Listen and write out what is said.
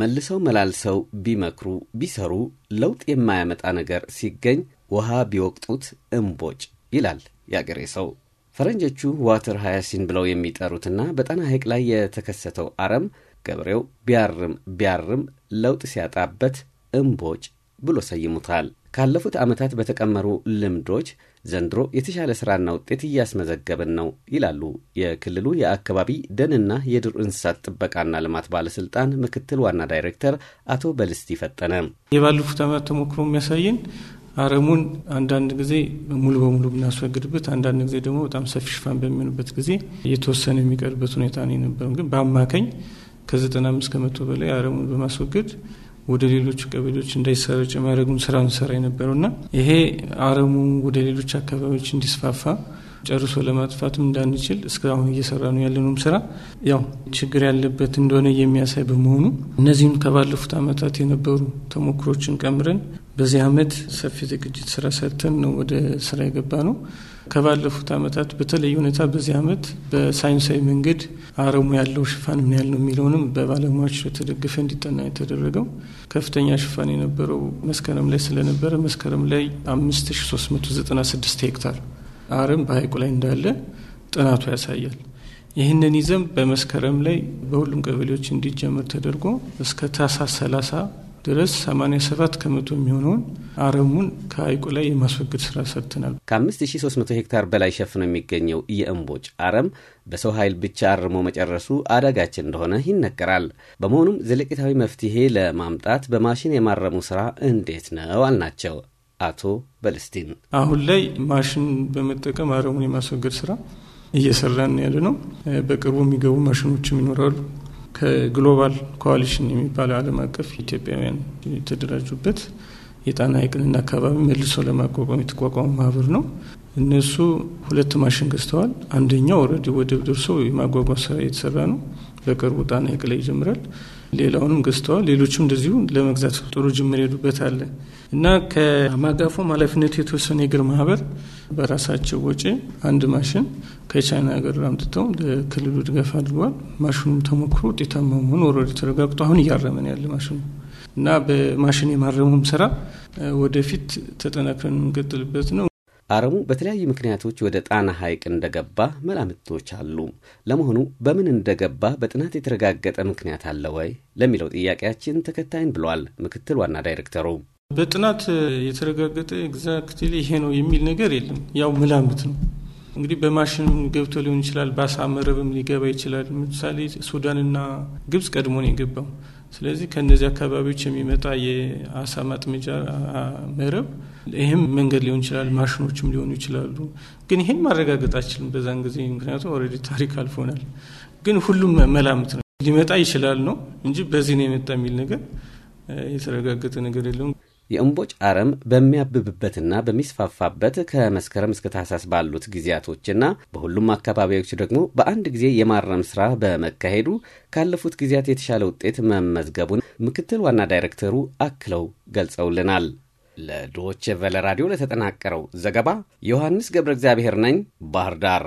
መልሰው መላልሰው ቢመክሩ ቢሰሩ ለውጥ የማያመጣ ነገር ሲገኝ ውሃ ቢወቅጡት እምቦጭ ይላል የአገሬ ሰው። ፈረንጆቹ ዋትር ሃያሲን ብለው የሚጠሩትና በጣና ሐይቅ ላይ የተከሰተው አረም ገበሬው ቢያርም ቢያርም ለውጥ ሲያጣበት እምቦጭ ብሎ ሰይሙታል። ካለፉት ዓመታት በተቀመሩ ልምዶች ዘንድሮ የተሻለ ስራና ውጤት እያስመዘገብን ነው ይላሉ የክልሉ የአካባቢ ደንና የዱር እንስሳት ጥበቃና ልማት ባለስልጣን ምክትል ዋና ዳይሬክተር አቶ በልስቲ ፈጠነ። የባለፉት ዓመት ተሞክሮ የሚያሳየን አረሙን አንዳንድ ጊዜ ሙሉ በሙሉ ብናስወግድበት፣ አንዳንድ ጊዜ ደግሞ በጣም ሰፊ ሽፋን በሚሆንበት ጊዜ እየተወሰነ የሚቀርበት ሁኔታ ነው የነበረው። ግን በአማካኝ ከ95 ከመቶ በላይ አረሙን በማስወገድ ወደ ሌሎች ቀበሌዎች እንዳይሰረጭ ማድረጉን ስራ ንሰራ የነበረውና ይሄ አረሙ ወደ ሌሎች አካባቢዎች እንዲስፋፋ ጨርሶ ለማጥፋትም እንዳንችል እስካሁን እየሰራ ነው ያለነውም ስራ ያው ችግር ያለበት እንደሆነ የሚያሳይ በመሆኑ እነዚህም ከባለፉት አመታት የነበሩ ተሞክሮችን ቀምረን በዚህ አመት ሰፊ ዝግጅት ስራ ሰጥተን ነው ወደ ስራ የገባ ነው። ከባለፉት አመታት በተለየ ሁኔታ በዚህ አመት በሳይንሳዊ መንገድ አረሙ ያለው ሽፋን ምን ያህል ነው የሚለውንም በባለሙያዎች ተደግፈ እንዲጠና የተደረገው ከፍተኛ ሽፋን የነበረው መስከረም ላይ ስለነበረ መስከረም ላይ 5396 ሄክታር አረም በሀይቁ ላይ እንዳለ ጥናቱ ያሳያል። ይህንን ይዘም በመስከረም ላይ በሁሉም ቀበሌዎች እንዲጀመር ተደርጎ እስከ ታሳ 30 ድረስ 87 ከመቶ የሚሆነውን አረሙን ከሀይቁ ላይ የማስወገድ ስራ ሰርተናል። ከ5300 ሄክታር በላይ ሸፍኖ የሚገኘው የእንቦጭ አረም በሰው ኃይል ብቻ አርሞ መጨረሱ አዳጋችን እንደሆነ ይነገራል። በመሆኑም ዘለቂታዊ መፍትሄ ለማምጣት በማሽን የማረሙ ስራ እንዴት ነው አልናቸው። አቶ በልስቲን አሁን ላይ ማሽን በመጠቀም አረሙን የማስወገድ ስራ እየሰራን ያለ ነው። በቅርቡ የሚገቡ ማሽኖችም ይኖራሉ። ከግሎባል ኮዋሊሽን የሚባለው አለም አቀፍ ኢትዮጵያውያን የተደራጁበት የጣና ሐይቅንና አካባቢ መልሶ ለማቋቋም የተቋቋመ ማህበር ነው። እነሱ ሁለት ማሽን ገዝተዋል። አንደኛው ረዲ ወደብ ደርሶ የማጓጓዝ ስራ እየተሰራ ነው። በቅርቡ ጣና ሀይቅ ላይ ይጀምራል። ሌላውንም ገዝተዋል። ሌሎችም እንደዚሁ ለመግዛት ጥሩ ጅምር ሄዱበት አለ እና ከማጋፎም ኃላፊነቱ የተወሰነ የግር ማህበር በራሳቸው ወጪ አንድ ማሽን ከቻይና ሀገር አምጥተው ለክልሉ ድጋፍ አድርጓል። ማሽኑም ተሞክሮ ውጤታማ መሆኑ ወረዱ ተረጋግጦ አሁን እያረመን ያለ ማሽኑ እና በማሽን የማረሙም ስራ ወደፊት ተጠናክረን የምንቀጥልበት ነው። አረሙ በተለያዩ ምክንያቶች ወደ ጣና ሐይቅ እንደገባ መላምቶች አሉ። ለመሆኑ በምን እንደገባ በጥናት የተረጋገጠ ምክንያት አለ ወይ ለሚለው ጥያቄያችን ተከታይን ብሏል ምክትል ዋና ዳይሬክተሩ። በጥናት የተረጋገጠ ኤግዛክትሊ ይሄ ነው የሚል ነገር የለም። ያው መላምት ነው። እንግዲህ በማሽን ገብቶ ሊሆን ይችላል፣ በአሳ መረብም ሊገባ ይችላል። ምሳሌ ሱዳንና ግብጽ ቀድሞ ነው የገባው። ስለዚህ ከእነዚህ አካባቢዎች የሚመጣ የአሳ ማጥመጃ መረብ ይህም መንገድ ሊሆን ይችላል፣ ማሽኖችም ሊሆኑ ይችላሉ። ግን ይህን ማረጋገጥ አችልም በዛን ጊዜ ምክንያቱም ኦልሬዲ ታሪክ አልፎናል። ግን ሁሉም መላምት ነው ሊመጣ ይችላል ነው እንጂ በዚህ ነው የመጣ የሚል ነገር የተረጋገጠ ነገር የለውም። የእምቦጭ አረም በሚያብብበትና በሚስፋፋበት ከመስከረም እስከ ታህሳስ ባሉት ጊዜያቶችና በሁሉም አካባቢዎች ደግሞ በአንድ ጊዜ የማረም ስራ በመካሄዱ ካለፉት ጊዜያት የተሻለ ውጤት መመዝገቡን ምክትል ዋና ዳይሬክተሩ አክለው ገልጸውልናል። ለዶች ቨለ ራዲዮ ለተጠናቀረው ዘገባ ዮሐንስ ገብረ እግዚአብሔር ነኝ ባህር ዳር